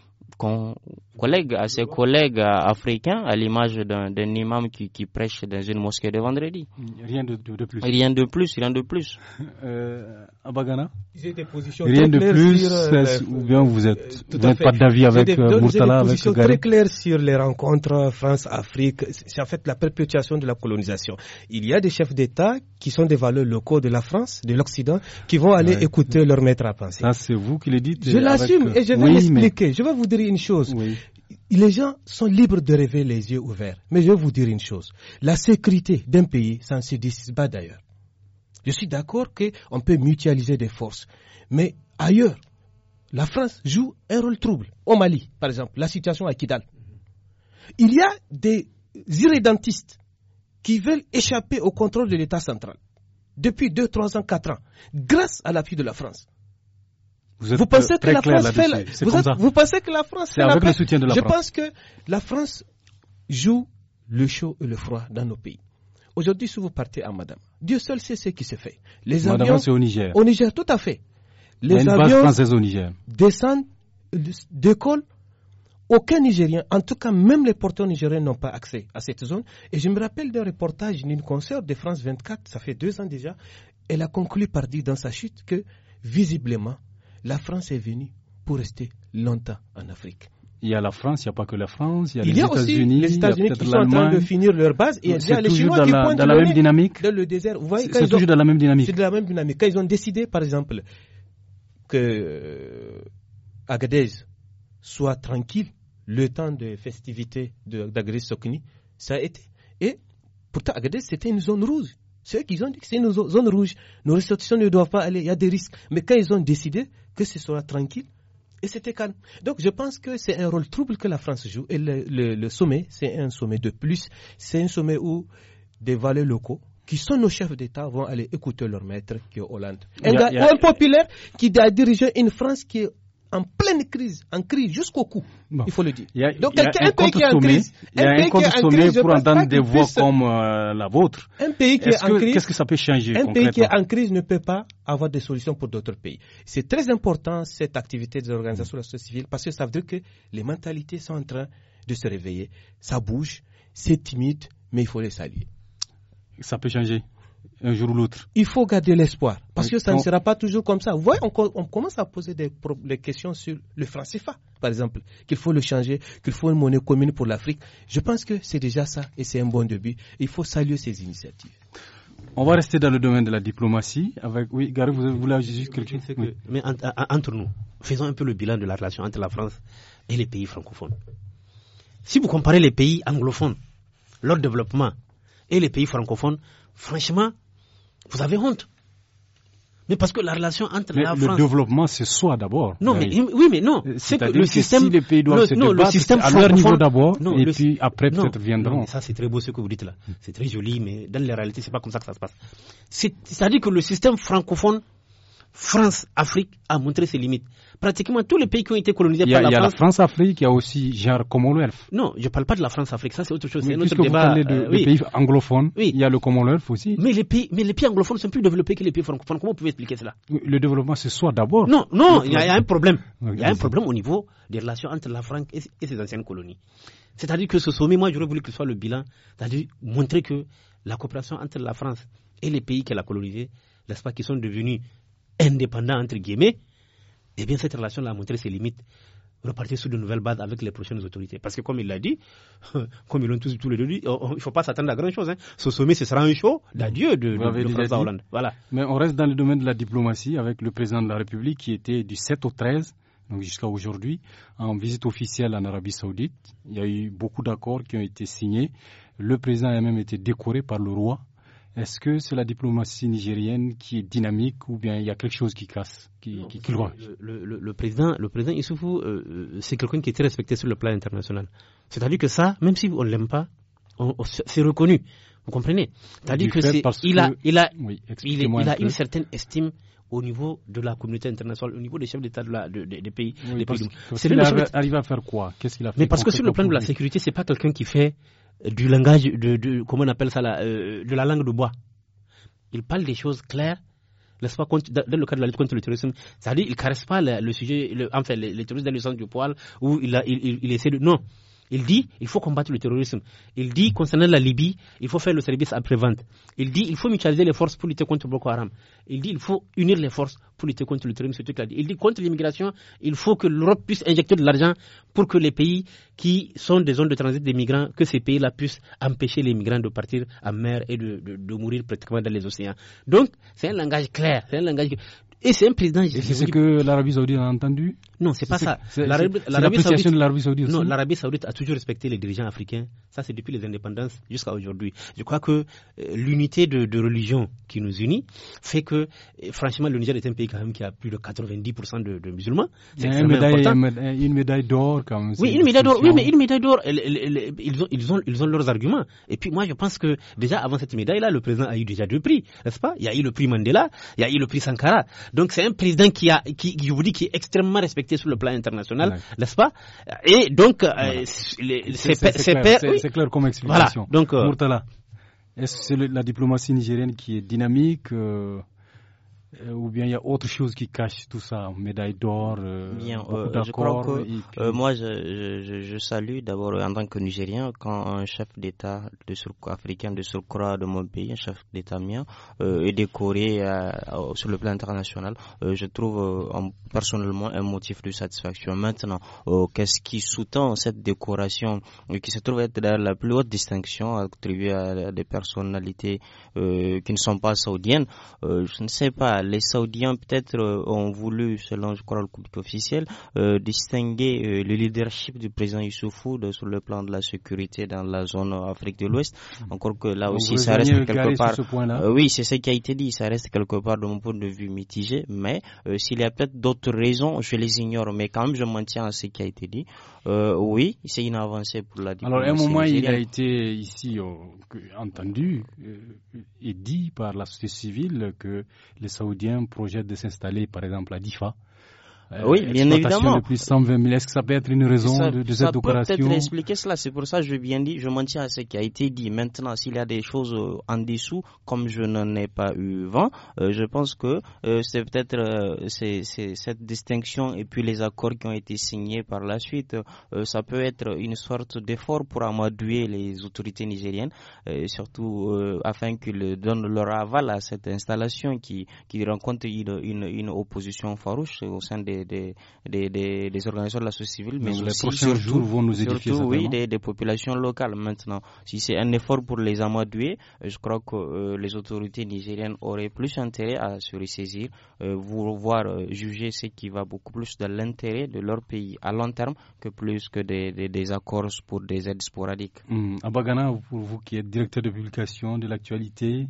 collègues, à ses collègues africains, à l'image d'un imam qui, prêche dans une mosquée de vendredi. Rien de, plus. Rien de plus, rien de plus. <laughs> Euh, Abagana Rien de plus, euh, ou bien vous êtes, euh, n'êtes pas d'avis avec Murtala, des positions très clair sur les rencontres France-Afrique. C'est en fait la perpétuation de la colonisation. Il y a des chefs d'État qui sont des valeurs locaux de la France, de l'Occident, qui vont aller écouter leur maître à penser. Ça, ah, c'est vous qui le dites. Je l'assume et je vais oui, l'expliquer. Je vais vous dire une chose. Oui les gens sont libres de rêver les yeux ouverts. Mais je vais vous dire une chose. La sécurité d'un pays, ça ne se décide pas d'ailleurs. Je suis d'accord qu'on peut mutualiser des forces. Mais ailleurs, la France joue un rôle trouble. Au Mali, par exemple, la situation à Kidal. Il y a des irrédentistes qui veulent échapper au contrôle de l'État central depuis deux, trois ans, quatre ans, grâce à l'appui de la France. Vous, pensez que la France fait vous, pensez que la France fait avec la... le soutien de la Je pense que la France joue le chaud et le froid dans nos pays. Aujourd'hui, si vous partez à Madame, Dieu seul sait ce qui se fait. Les Madame, avions, c'est au Niger. Au Niger, tout à fait. Les avions au Niger. descendent, décollent. Aucun Nigérien, en tout cas même les porteurs nigériens n'ont pas accès à cette zone. Et je me rappelle d'un reportage d'une concert de France 24, ça fait deux ans déjà. Elle a conclu par dire dans sa chute que, visiblement, la France est venue pour rester longtemps en Afrique. Il y a la France, il n'y a pas que la France, il y a, les États-Unis, les États-Unis qui sont en train de finir leur base et il dans la même dynamique. c'est toujours dans la même dynamique. C'est de la même dynamique. Quand ils ont décidé, par exemple, que euh, Agadez soit tranquille le temps des festivités d'Agadez de, Sokni, ça a été. Et pourtant, Agadez, c'était une zone rouge. Ceux qui ont dit que c'est une zone rouge, nos ressortissants ne doivent pas aller, il y a des risques. Mais quand ils ont décidé que ce sera tranquille, et c'était calme. Donc je pense que c'est un rôle trouble que la France joue. Et le, sommet, c'est un sommet de plus. C'est un sommet où des valeurs locaux, qui sont nos chefs d'État, vont aller écouter leur maître qui est Hollande. un gars qui a dirigé une France qui est en pleine crise, en crise jusqu'au cou, il faut le dire. Donc un, qui est en crise, il y a un compte sommet pour entendre des voix comme euh, la vôtre. Un pays qui est, en crise, qu'est-ce que ça peut changer Un pays qui est en crise ne peut pas avoir des solutions pour d'autres pays. C'est très important cette activité des organisations de la société civile parce que ça veut dire que les mentalités sont en train de se réveiller. Ça bouge, c'est timide, mais il faut les saluer. Ça peut changer un jour ou l'autre. Il faut garder l'espoir, parce que ça ne sera pas toujours comme ça. Vous voyez, on, commence à poser des, questions sur le franc CFA, par exemple, qu'il faut le changer, qu'il faut une monnaie commune pour l'Afrique. Je pense que c'est déjà ça, et c'est un bon début. Il faut saluer ces initiatives. On va rester dans le domaine de la diplomatie. Oui, Gary, vous voulez juste quelque chose Mais entre nous, faisons un peu le bilan de la relation entre la France et les pays francophones. Si vous comparez les pays anglophones, leur développement, et les pays francophones, franchement, vous avez honte. Mais parce que la relation entre mais la le Le développement, c'est soi d'abord. Non, ben mais, oui, mais non. C'est que le système. Que si les pays doivent le, non, le système à leur niveau d'abord, et le, puis après peut-être viendront. Non, ça, c'est très beau ce que vous dites là. C'est très joli, mais dans la réalité, c'est pas comme ça que ça se passe. C'est-à-dire que le système francophone France, Afrique a montré ses limites. Pratiquement tous les pays qui ont été colonisés par la France. Il y a la France-Afrique, il y a aussi genre Commonwealth. Non, je ne parle pas de la France-Afrique, ça c'est autre chose. Mais vous parlez de, euh, pays anglophones, il y a le Commonwealth aussi. Mais les pays, mais les anglophones sont plus développés que les pays francophones. Comment pouvez expliquer cela Le développement, c'est soit d'abord. Non, non, il y, a un problème. Il y a un problème au niveau des relations entre la France et, et ses anciennes colonies. C'est-à-dire que ce sommet, moi j'aurais voulu que ce soit le bilan, c'est-à-dire montrer que la coopération entre la France et les pays qu'elle a colonisés, n'est-ce pas, qui sont devenus indépendant, entre guillemets, eh bien, cette relation-là a montré ses limites. Repartir sur de nouvelles bases avec les prochaines autorités. Parce que, comme il l'a dit, <laughs> comme ils l'ont tous, tous les deux dit, il ne faut pas s'attendre à grand chose. Hein. Ce sommet, ce sera un show d'adieu de, de, de François Hollande. Voilà. Mais on reste dans le domaine de la diplomatie avec le président de la République qui était du 7 au 13 donc jusqu'à aujourd'hui, en visite officielle en Arabie Saoudite. Il y a eu beaucoup d'accords qui ont été signés. Le président a même été décoré par le roi est-ce que c'est la diplomatie nigérienne qui est dynamique ou bien il y a quelque chose qui casse, qui, non, le, le, président, Issoufou, euh, euh, c'est quelqu'un qui est très respecté sur le plan international. C'est-à-dire que ça, même si on ne l'aime pas, c'est reconnu. Vous comprenez C'est-à-dire que il a, une certaine estime au niveau de la communauté internationale, au niveau des chefs d'État de des pays. Oui, pays c'est arrive à faire quoi Qu'est-ce qu'il a fait Mais parce que sur le plan de la sécurité, ce n'est pas quelqu'un qui fait du langage, de, comment on appelle ça, la euh, de la langue de bois. Il parle des choses claires, n'est-ce pas, contre, dans le cadre de la lutte contre le terrorisme. cest il ne caresse pas le, sujet, enfin, les, les terroristes dans le sens du poil, où il, il, il, il essaie de. Non, il dit il faut combattre le terrorisme. Il dit concernant la Libye, il faut faire le service après-vente. Il dit il faut mutualiser les forces pour lutter contre Boko Haram. Il dit il faut unir les forces pour lutter contre le terrorisme. Il dit contre l'immigration, il faut que l'Europe puisse injecter de l'argent pour que les pays qui sont des zones de transit des migrants, que ces pays-là puissent empêcher les migrants de partir en mer et de, mourir pratiquement dans les océans. Donc c'est un langage clair, c'est un langage et c'est un président. Et c'est ce que l'Arabie Saoudite a entendu non, c'est pas ça. L'Arabie Saoudite, Non, l'Arabie Saoudite a toujours respecté les dirigeants africains. Ça, c'est depuis les indépendances jusqu'à aujourd'hui. Je crois que euh, l'unité de, religion qui nous unit fait que, euh, franchement, le Niger est un pays quand même qui a plus de 90% de, musulmans. C'est une, une médaille d'or quand même. Oui, une médaille d'or. Oui, Ils ont, ils, ont, ils ont leurs arguments. Et puis moi, je pense que déjà avant cette médaille-là, le président a eu déjà deux prix, n'est-ce pas Il y a eu le prix Mandela, il y a eu le prix Sankara. Donc c'est un président qui a, qui, vous dit qui est extrêmement respecté sur le plan international, n'est-ce pas Et donc, c'est clair, comme explication. Voilà. Donc, euh, Murtala, est-ce que c'est la diplomatie nigérienne qui est dynamique euh, euh, ou bien il y a autre chose qui cache tout ça, médaille d'or, euh, euh, je crois que moi je, salue d'abord en tant que Nigérien quand un chef d'État africain de surcroît de mon pays, un chef d'État mien, est décoré sur le plan international. je trouve personnellement un motif de satisfaction. Maintenant, qu'est-ce qui sous-tend cette décoration qui se trouve être la plus haute distinction attribuée à des personnalités qui ne sont pas saoudiennes Je ne sais pas les Saoudiens peut-être euh, ont voulu, selon je crois le coup officiel, euh, distinguer euh, le leadership du président Issoufou sur le plan de la sécurité dans la zone Afrique de l'Ouest. Hum. Encore que là aussi, ça reste quelque part. oui, c'est ce qui a été dit. Ça reste quelque part de mon point de vue mitigé. Mais s'il y a peut-être d'autres raisons, je les ignore. Mais quand même, je maintiens à ce qui a été dit. oui, c'est une avancée pour la diplomatie. Alors, à un moment, il a été ici entendu et dit par la société civile que les saoudiens projet de s'installer, par exemple, à Difa, euh, oui, bien évidemment. est-ce que ça peut être une raison de, cette opération Ça peut peut-être expliquer cela. C'est pour ça que je bien dit, je m'en tiens à ce qui a été dit. Maintenant, s'il y a des choses euh, en dessous, comme je n'en ai pas eu vent, euh, je pense que c'est peut-être cette distinction et puis les accords qui ont été signés par la suite, ça peut être une sorte d'effort pour amadouer les autorités nigériennes, surtout afin qu'ils donnent leur aval à cette installation qui, qui rencontre une, une opposition farouche au sein des des, des, organisations de la société civile, mais les prochains jours vont nous édifier surtout, oui, des, populations locales. Maintenant, si c'est un effort pour les amadouer, euh, je crois que euh, les autorités nigériennes auraient plus intérêt à se ressaisir, euh, voir juger ce qui va beaucoup plus dans l'intérêt de leur pays à long terme que plus que des, des, accords pour des aides sporadiques. Hmm. Abagana, pour vous qui êtes directeur de publication de l'actualité,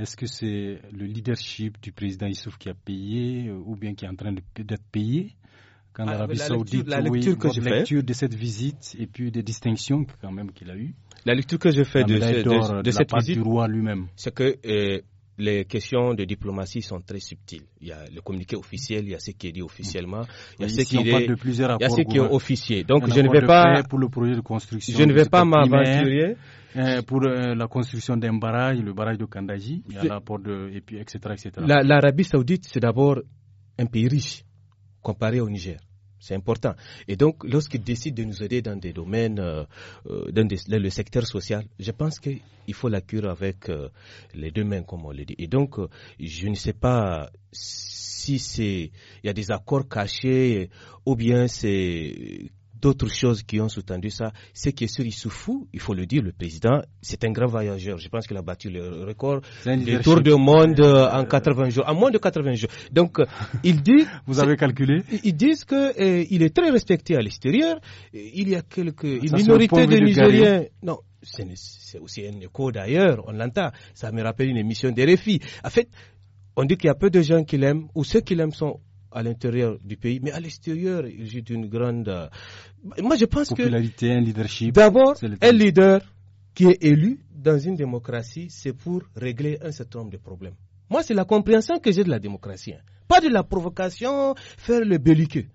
est-ce que c'est le leadership du président Issouf qui a payé euh, ou bien qui est en train d'être payé quand ah, l'Arabie la Saoudite lecture, la lecture que de cette visite et puis des distinctions quand même qu'il a eues. La lecture que je fais de, de, cette visite, c'est que euh, les questions de diplomatie sont très subtiles. Il y a le communiqué officiel, il y a ce qui est dit officiellement, il y a ce qui, est, y a qui Donc je ne vais pas pour le projet de construction. Je ne vais pas m'aventurer euh, pour euh, la construction d'un barrage, le barrage de Kandaji, il y a l'apport de et puis etc etc. L'Arabie Saoudite c'est d'abord un pays riche comparé au Niger. C'est important. Et donc, lorsqu'ils décident de nous aider dans des domaines, euh, euh dans, le secteur social, je pense qu'il faut la cure avec euh, les deux mains, comme on le dit. Et donc, euh, je ne sais pas si c'est, il y a des accords cachés ou bien c'est d'autres choses qui ont sous-tendu ça. C'est que sur Issoufou, il faut le dire, le président, c'est un grand voyageur. Je pense qu'il a battu le record des tour du monde euh, en 80 jours, en moins de 80 jours. Donc, euh, il dit... <laughs> Vous avez calculé Ils disent qu'il euh, il est très respecté à l'extérieur. Il y a quelques... une minorité de Nigériens... Non, c'est aussi un écho d'ailleurs, on l'entend. Ça me rappelle une émission des réfis. En fait, on dit qu'il y a peu de gens qui l'aiment, ou ceux qui l'aiment sont à l'intérieur du pays, mais à l'extérieur, y a une grande. Euh, moi, je pense Popularité, que. leadership. D'abord, un leader qui est élu dans une démocratie, c'est pour régler un certain nombre de problèmes. Moi, c'est la compréhension que j'ai de la démocratie. Hein. Pas de la provocation, faire le belliqueux.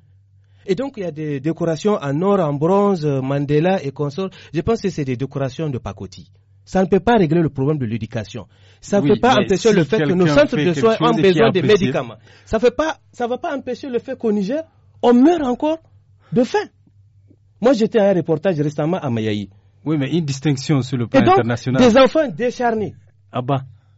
Et donc, il y a des décorations en or, en bronze, Mandela et consorts. Je pense que c'est des décorations de pacotille. Ça ne peut pas régler le problème de l'éducation. Ça ne peut pas empêcher le fait que nos centres de soins ont besoin de médicaments. Ça ne va pas empêcher le fait qu'au Niger, on meurt encore de faim. Moi, j'étais à un reportage récemment à Mayaï. Oui, mais une distinction sur le plan Et donc, international. Des enfants décharnés.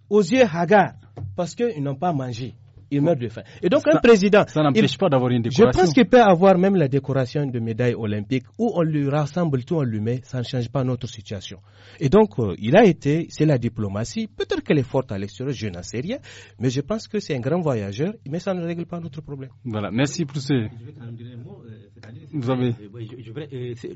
Aux yeux hagards, parce qu'ils n'ont pas mangé il meurt de faim. Et donc, un président. Ça n'empêche pas d'avoir une décoration. Je pense qu'il peut avoir même la décoration de médaille olympique où on lui rassemble tout, on lui met, ça ne change pas notre situation. Et donc, euh, il a été, c'est la diplomatie. Peut-être qu'elle est forte à l'extérieur, je n'en sais rien, mais je pense que c'est un grand voyageur, mais ça ne règle pas notre problème. Voilà, merci pour ce.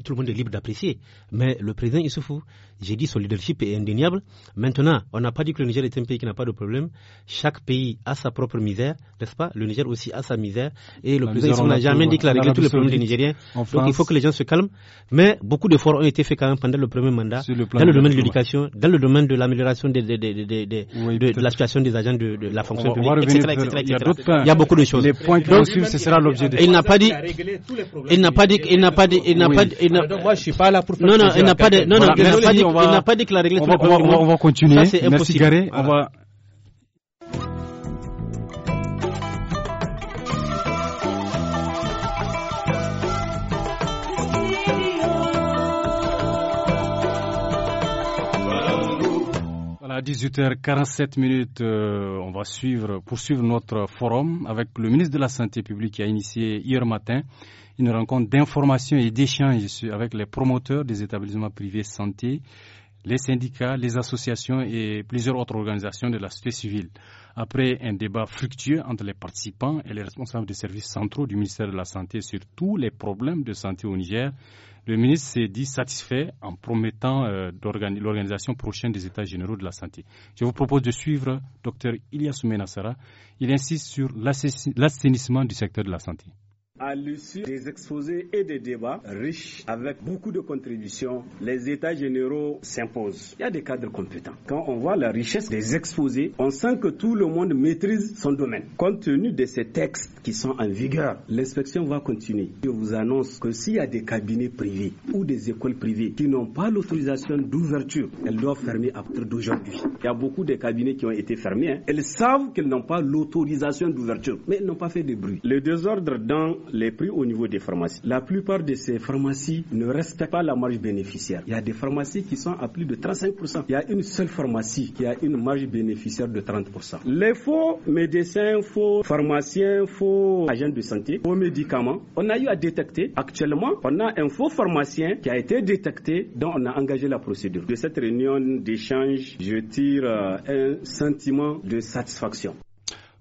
tout le monde est libre d'apprécier, mais le président il se fout j'ai dit son leadership est indéniable. Maintenant, on n'a pas dit que le Niger est un pays qui n'a pas de problème. Chaque pays a sa propre misère n'est-ce pas Le Niger aussi a sa misère. Et le président n'a jamais dit qu'il a réglé tous les problèmes des Nigériens. Donc il faut que les gens se calment. Mais beaucoup d'efforts ont été faits quand même pendant le premier mandat, dans le domaine de l'éducation, dans le domaine de l'amélioration de, de, de, oui, de, la situation des agents de, la fonction publique, etc., etc., etc., Il, y a, Il beaucoup de choses. Les points qui ce sera l'objet de Il n'a pas dit. Il n'a pas dit. Il n'a pas dit. Il n'a pas ah, dit. Moi, je suis pas là pour faire. Non, non, il n'a pas dit. Non, non, il n'a pas dit qu'il a réglé tous les problèmes. On va continuer. Merci, Garé. On va À 18h47 minutes, euh, on va suivre, poursuivre notre forum avec le ministre de la Santé publique qui a initié hier matin une rencontre d'information et d'échange avec les promoteurs des établissements privés santé, les syndicats, les associations et plusieurs autres organisations de la société civile. Après un débat fructueux entre les participants et les responsables des services centraux du ministère de la Santé sur tous les problèmes de santé au Niger, le ministre s'est dit satisfait en promettant euh, l'organisation prochaine des États généraux de la santé. Je vous propose de suivre Dr Ilyas Menassara. Il insiste sur l'assainissement du secteur de la santé. À l'issue des exposés et des débats riches, avec beaucoup de contributions, les États généraux s'imposent. Il y a des cadres compétents. Quand on voit la richesse des exposés, on sent que tout le monde maîtrise son domaine. Compte tenu de ces textes qui sont en vigueur, l'inspection va continuer. Je vous annonce que s'il y a des cabinets privés ou des écoles privées qui n'ont pas l'autorisation d'ouverture, elles doivent fermer à partir d'aujourd'hui. Il y a beaucoup de cabinets qui ont été fermés. Hein. Elles savent qu'elles n'ont pas l'autorisation d'ouverture, mais elles n'ont pas fait de bruit. Le désordre dans les prix au niveau des pharmacies. La plupart de ces pharmacies ne respectent pas la marge bénéficiaire. Il y a des pharmacies qui sont à plus de 35%. Il y a une seule pharmacie qui a une marge bénéficiaire de 30%. Les faux médecins, faux pharmaciens, faux agents de santé, faux médicaments, on a eu à détecter. Actuellement, on a un faux pharmacien qui a été détecté dont on a engagé la procédure. De cette réunion d'échange, je tire euh, un sentiment de satisfaction.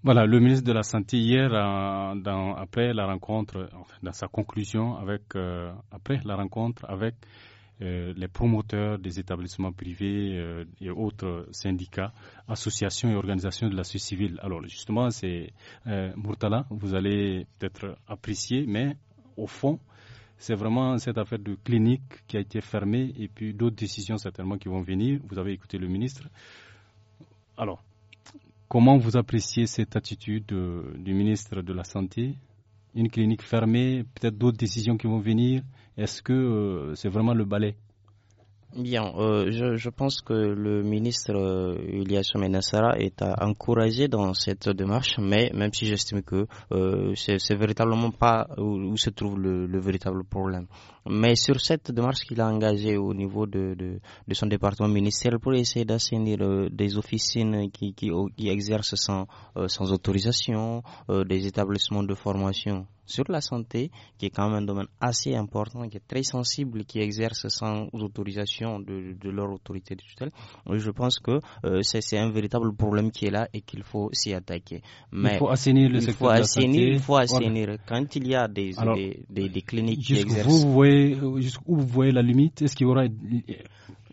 Voilà, le ministre de la Santé hier, euh, après la rencontre, dans sa conclusion, avec, euh, après la rencontre avec euh, les promoteurs des établissements privés et autres syndicats, associations et organisations de la société civile. Alors justement, c'est Murtala, vous allez peut-être apprécier, mais au fond, c'est vraiment cette affaire de clinique qui a été fermée et puis d'autres décisions certainement qui vont venir. Vous avez écouté le ministre. Alors, Comment vous appréciez cette attitude euh, du ministre de la Santé Une clinique fermée, peut-être d'autres décisions qui vont venir Est-ce que euh, c'est vraiment le balai Bien, euh, je, pense que le ministre euh, est encouragé dans cette démarche, mais même si j'estime que ce c'est véritablement pas où, se trouve le véritable problème. Mais sur cette démarche qu'il a engagée au niveau de, de, son département ministériel pour essayer d'assainir euh, des officines qui, qui, exercent sans, euh, sans autorisation, euh, des établissements de formation sur la santé, qui est quand même un domaine assez important, qui est très sensible, qui exerce sans autorisation de, de leur autorité de tutelle, je pense que c'est un véritable problème qui est là et qu'il faut s'y attaquer. il faut assainir le secteur il faut assainir, Il faut assainir. Quand il y a des, des, des, cliniques qui exercent jusqu'où vous voyez la limite Est-ce qu'il y aura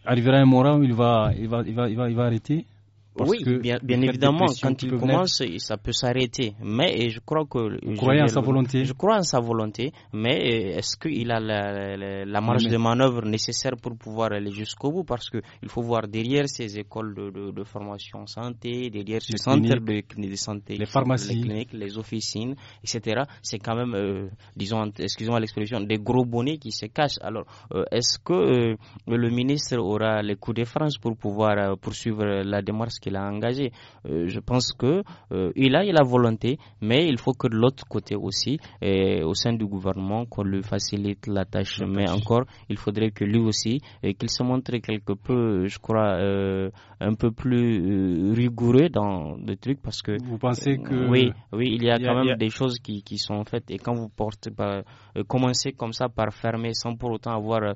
arrivera un moment où il va, il va, il va, il va arrêter oui, bien, évidemment, quand il commence, ça peut s'arrêter. Mais je crois que. Vous croyez en sa volonté Je crois en sa volonté, mais euh, est-ce qu'il a la, marge de manœuvre nécessaire pour pouvoir aller jusqu'au bout Parce qu'il faut voir derrière ces écoles de, formation santé, derrière ces centres de, de, santé, les pharmacies, les cliniques, les officines, etc. C'est quand même, euh, disons, excusez-moi l'expression, des gros bonnets qui se cachent. Alors, euh, est-ce que le ministre aura les coups de France pour pouvoir poursuivre la démarche il a engagé. Euh, je pense que euh, il a la volonté, mais il faut que de l'autre côté aussi, euh, au sein du gouvernement, qu'on lui facilite la tâche. mais encore, il faudrait que lui aussi, qu'il se montre quelque peu, je crois, un peu plus rigoureux dans le truc, parce que vous pensez que oui, oui, il y a, quand même des choses qui, sont faites. Et quand vous portez, bah, commencez comme ça par fermer, sans pour autant avoir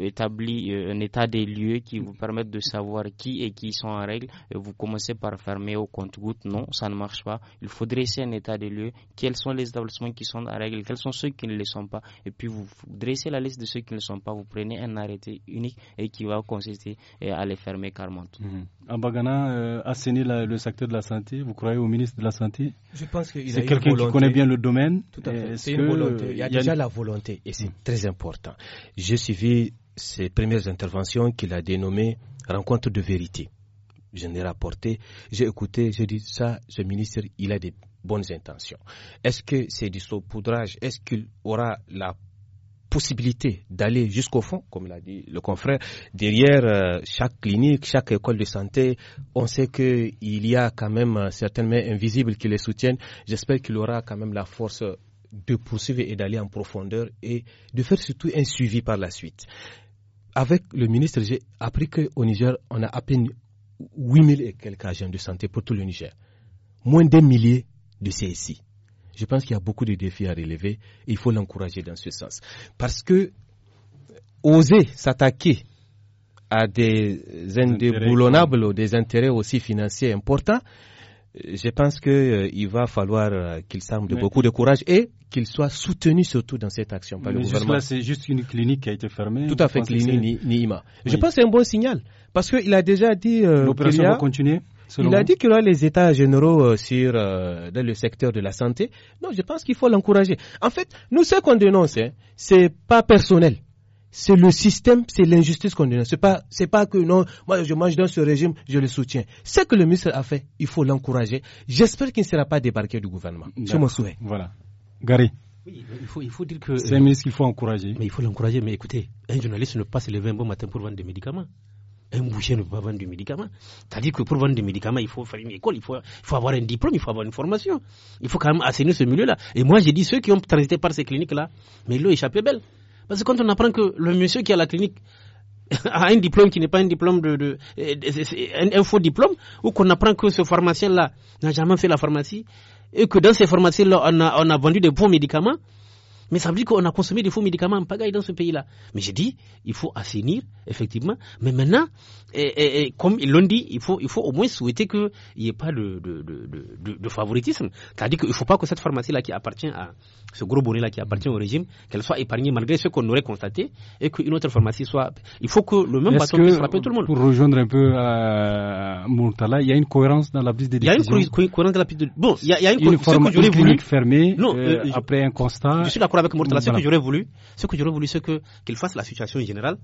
établi un état des lieux qui mm. vous permettent de savoir qui et qui sont en règle vous commencez par fermer au compte-goutte. Non, ça ne marche pas. Il faut dresser un état des lieux. Quels sont les établissements qui sont à règle Quels sont ceux qui ne le sont pas Et puis vous dressez la liste de ceux qui ne le sont pas. Vous prenez un arrêté unique et qui va consister eh, à les fermer carrément. En mhm. Bagana, euh, le secteur de la santé, vous croyez au ministre de la Santé Je pense c'est quelqu'un qui connaît bien le domaine. Tout Il y a, déjà la volonté et c'est hmm. très important. J'ai suivi ses premières interventions qu'il a dénommées rencontre de vérité. Je ai rapporté, j'ai écouté, j'ai dit ça, ce ministre, il a des bonnes intentions. Est-ce que c'est du saupoudrage Est-ce qu'il aura la possibilité d'aller jusqu'au fond, comme l'a dit le confrère, derrière euh, chaque clinique, chaque école de santé, on sait qu'il y a quand même euh, certaines mains invisibles qui les soutiennent. J'espère qu'il aura quand même la force de poursuivre et d'aller en profondeur et de faire surtout un suivi par la suite. Avec le ministre, j'ai appris qu'au Niger, on a à peine 000 et quelques agents de santé pour tout le Niger, moins d'un millier de CSI. Je pense qu'il y a beaucoup de défis à relever et il faut l'encourager dans ce sens. Parce que euh, oser s'attaquer à des indéboulonnables ou des intérêts aussi financiers importants, euh, je pense qu'il euh, va falloir qu'ils qu'il de beaucoup de courage et qu'il soit soutenu surtout dans cette action par le gouvernement. c'est juste une clinique qui a été fermée. Tout à fait, clinique ni IMA. Je pense que c'est un bon signal parce qu'il a déjà dit. Euh, L'opération va continuer. Il a dit qu'il y aura les états généraux euh, sur euh, dans le secteur de la santé. Non, je pense qu'il faut l'encourager. En fait, nous ce qu'on dénonce, ce hein, c'est pas personnel c'est le système, c'est l'injustice qu'on dénonce. C'est pas, c'est pas que non, moi je mange dans ce régime, je le soutiens. Ce que le ministre a fait, il faut l'encourager. J'espère qu'il ne sera pas débarqué du gouvernement. Je m'en souviens. Voilà. Gary. Oui, il faut, dire que. C'est un ministre qu'il faut encourager. Mais il faut l'encourager. Mais écoutez, un journaliste ne passe le 20 bon matin pour vendre des médicaments un boucher ne peut pas vendre des médicaments. C'est-à-dire que pour vendre des médicaments, il faut faire une école, il faut, avoir un diplôme, il faut avoir une formation. Il faut quand même assainir ce milieu-là. Et moi, j'ai dit ceux qui ont traité par ces cliniques-là, mais ils l'ont échappé belle. Parce que quand on apprend que le monsieur qui a la clinique <laughs> a un diplôme qui n'est pas un diplôme de, euh, un, faux diplôme, ou qu'on apprend que ce pharmacien-là n'a jamais fait la pharmacie, et que dans ces pharmacies-là, on a, on a vendu de bons médicaments, mais ça veut dire qu'on a consommé des faux médicaments en pagaille dans ce pays-là. Mais j'ai dit, il faut assainir, effectivement. Mais maintenant, comme ils l'ont dit, il faut, il faut au moins souhaiter qu'il n'y ait pas de, de, favoritisme. C'est-à-dire qu'il ne faut pas que cette pharmacie-là qui appartient à ce gros bonnet-là qui appartient au régime, qu'elle soit épargnée malgré ce qu'on aurait constaté et qu'une autre pharmacie soit. Il faut que le même bâton puisse frapper tout le monde. Pour rejoindre un peu à il y a une cohérence dans la prise des décision. Il y a une cohérence dans la prise de Bon, il y a, une, une, forme, fermée non, euh, euh, après un constat. Je suis avec mortalité ce que j'aurais voulu, ce que j'aurais voulu, c'est que qu'il fasse la situation en général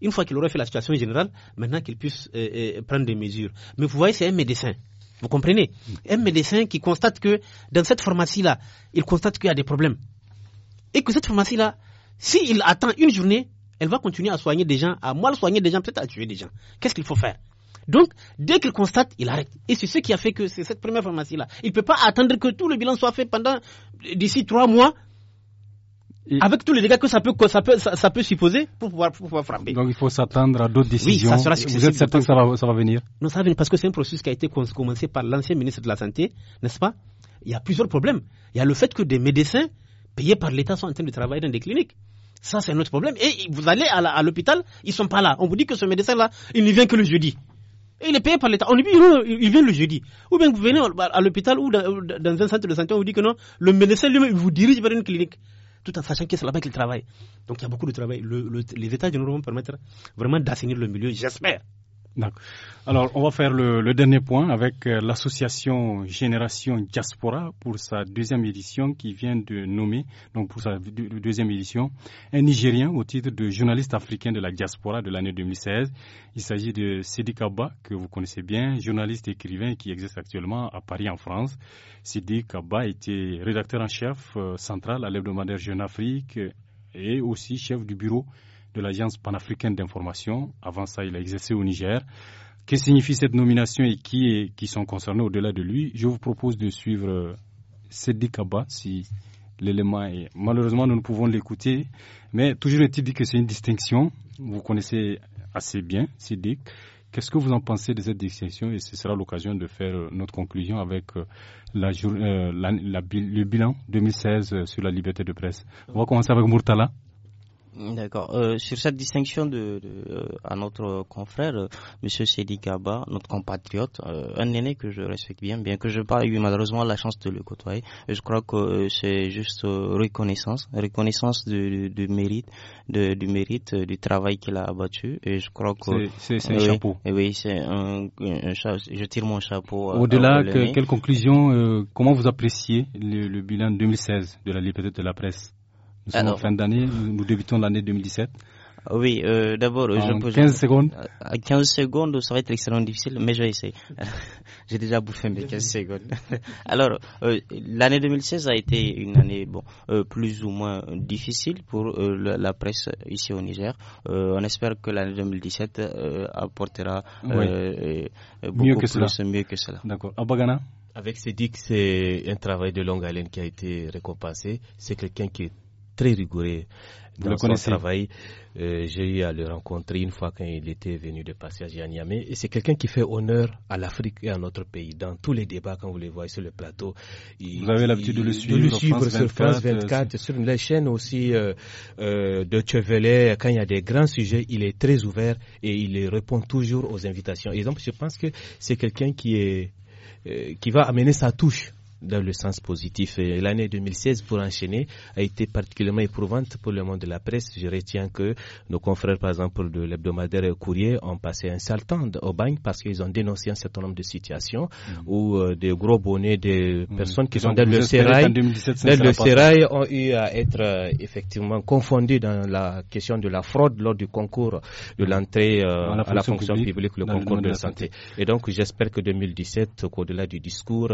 Une fois qu'il aurait fait la situation en général maintenant qu'il puisse euh, euh, prendre des mesures. Mais vous voyez, c'est un médecin. Vous comprenez Un médecin qui constate que dans cette pharmacie-là, il constate qu'il y a des problèmes. Et que cette pharmacie-là, Si il attend une journée, elle va continuer à soigner des gens, à mal soigner des gens, peut-être à tuer des gens. Qu'est-ce qu'il faut faire donc, dès qu'il constate, il arrête. Et c'est ce qui a fait que c'est cette première pharmacie-là. Il ne peut pas attendre que tout le bilan soit fait pendant d'ici trois mois avec tous les dégâts que ça peut, ça peut, ça, peut supposer pour pouvoir, pouvoir, frapper. Donc il faut s'attendre à d'autres décisions. Oui, ça sera Vous êtes certain que ça va, ça va venir Non, ça va venir parce que c'est un processus qui a été commencé par l'ancien ministre de la Santé, n'est-ce pas Il y a plusieurs problèmes. Il y a le fait que des médecins payés par l'État sont en train de travailler dans des cliniques. Ça, c'est notre problème. Et vous allez à l'hôpital, ils sont pas là. On vous dit que ce médecin-là, il ne vient que le jeudi. Et il est payé par l'État. On lui dit, non, il vient le jeudi. Ou bien vous venez à l'hôpital ou dans, dans, un centre de santé, on vous dit que non, le médecin lui-même, il vous dirige vers une clinique tout en sachant que c'est là-bas qu'il travaille Donc il y a beaucoup de travail. Le, les États généraux vont permettre vraiment d'assainir le milieu, j'espère. Alors, on va faire le, dernier point avec euh, l'association Génération Diaspora pour sa deuxième édition qui vient de nommer, donc pour sa deuxième édition, un Nigérien au titre de journaliste africain de la diaspora de l'année 2016. Il s'agit de Sidi Kaba, que vous connaissez bien, journaliste écrivain qui existe actuellement à Paris en France. Sidi Kaba était rédacteur en chef euh, central à l'hebdomadaire Jeune Afrique euh, et aussi chef du bureau de l'Agence panafricaine d'information. Avant ça, il a exercé au Niger. Que signifie cette nomination et qui, qui sont concernés au-delà de lui Je vous propose de suivre euh, Sedi Kaba, si l'élément est... Malheureusement, nous ne pouvons l'écouter, mais toujours est-il dit que c'est une distinction. Vous connaissez assez bien Siddiq. Qu'est-ce que vous en pensez de cette distinction Et ce sera l'occasion de faire euh, notre conclusion avec euh, la, le bilan 2016 sur la liberté de presse. On va commencer avec Murtala. D'accord. Euh, sur cette distinction de, euh, à notre confrère, euh, Monsieur Sedi Gaba, notre compatriote, euh, un aîné que je respecte bien, bien que je n'ai pas eu malheureusement la chance de le côtoyer, je crois que c'est juste reconnaissance, reconnaissance du mérite, de, du mérite du travail qu'il a abattu. Et je crois que c'est un chapeau. Eh oui, c'est un, je tire mon chapeau. Au-delà, quelle conclusion Comment vous appréciez le bilan 2016 de la liberté de la presse nous sommes en fin d'année, nous débutons l'année 2017. Ah oui, euh, d'abord, je peux. 15 secondes. 15 ah, ah, secondes, ça va être extrêmement difficile, mais je vais essayer. <laughs> J'ai déjà bouffé mes 15 secondes. <laughs> Alors, euh, l'année 2016 a été une année, bon, euh, plus ou moins difficile pour la, presse ici au Niger. on espère que l'année 2017 apportera beaucoup plus, mieux que cela. D'accord. Abagana? Avec Cédric c'est un travail de longue haleine qui a été récompensé. C'est quelqu'un qui très rigoureux dans son travail. Euh, j'ai eu à le rencontrer une fois quand il était venu de passage à Niamey. Et c'est quelqu'un qui fait honneur à l'Afrique et à notre pays. Dans tous les débats, quand vous les voyez sur le plateau, vous avez l'habitude de le suivre, sur France 24, euh, sur les chaînes aussi euh, de Chevelet. Quand il y a des grands sujets, il est très ouvert et il répond toujours aux invitations. Et donc, je pense que c'est quelqu'un qui qui va amener sa touche dans le sens positif. L'année 2016, pour enchaîner, a été particulièrement éprouvante pour le monde de la presse. Je retiens que nos confrères, par exemple, de l'hebdomadaire Courrier, ont passé un sale temps au bagne parce qu'ils ont dénoncé un certain nombre de situations mm. où euh, des gros bonnets des mm. personnes qui sont dans le sérail, 2017, ont eu à être euh, effectivement confondus dans la question de la fraude lors du concours de l'entrée euh, à la fonction publique, le concours de, la santé. Et donc, j'espère que 2017, au delà du discours,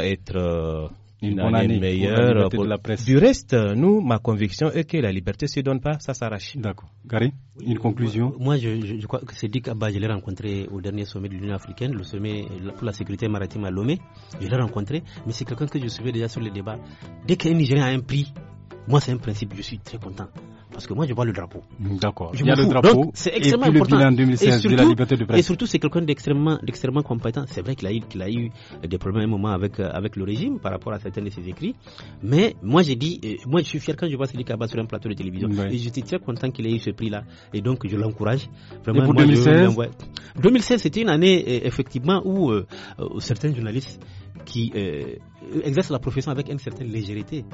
être euh, une, année, meilleure. Pour la Du reste, nous, ma conviction est que la liberté ne se donne pas, ça s'arrache. D'accord. Gary, une conclusion Moi, je, crois que c'est Dick Abba, je l'ai rencontré au dernier sommet de l'Union africaine, le sommet pour la sécurité maritime à Lomé. Je l'ai rencontré, mais c'est quelqu'un que je suivais déjà sur les débats. Dès qu'un Nigerien a un prix, moi, c'est un principe, je suis très content. Parce que moi, je vois le drapeau. D'accord. Il y a le drapeau. C'est extrêmement et Le bilan et surtout, de la liberté de presse. Et surtout, c'est quelqu'un d'extrêmement, d'extrêmement compétent. C'est vrai qu'il a, qu'il a, eu euh, des problèmes à un moment avec, euh, avec le régime par rapport à certains de ses écrits. Mais moi, j'ai dit, euh, moi, je suis fier quand je vois celui a Kaba sur un plateau de télévision. Et Et suis très content qu'il ait eu ce prix-là. Et donc, je l'encourage. Vraiment, pour 2016 2016, c'était une année, effectivement, où certains journalistes qui euh, exercent la profession avec une certaine légèreté.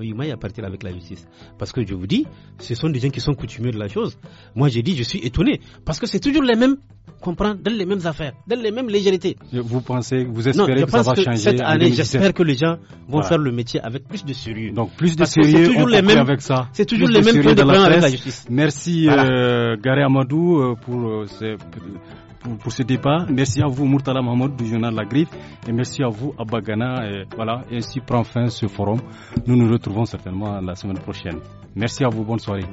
y a à partir avec la justice. Parce que je vous dis, ce sont des gens qui sont coutumiers de la chose. Moi, j'ai dit, je suis étonné. Parce que c'est toujours les mêmes, comprendre, dans les mêmes affaires, dans les mêmes légèretés. Vous pensez, vous espérez que ça va changer Cette année, j'espère que les gens vont faire le métier avec plus de sérieux. Donc, plus de sérieux, toujours les mêmes, avec ça. C'est toujours les mêmes de, avec la justice. Merci, euh, Gary Amadou, euh, pour euh, ces pour, ce débat. Merci à vous, Murtala Mahmoud du journal La Griffe. Et merci à vous, Abagana. Et voilà, ainsi prend fin ce forum. Nous nous retrouvons certainement la semaine prochaine. Merci à vous. Bonne soirée.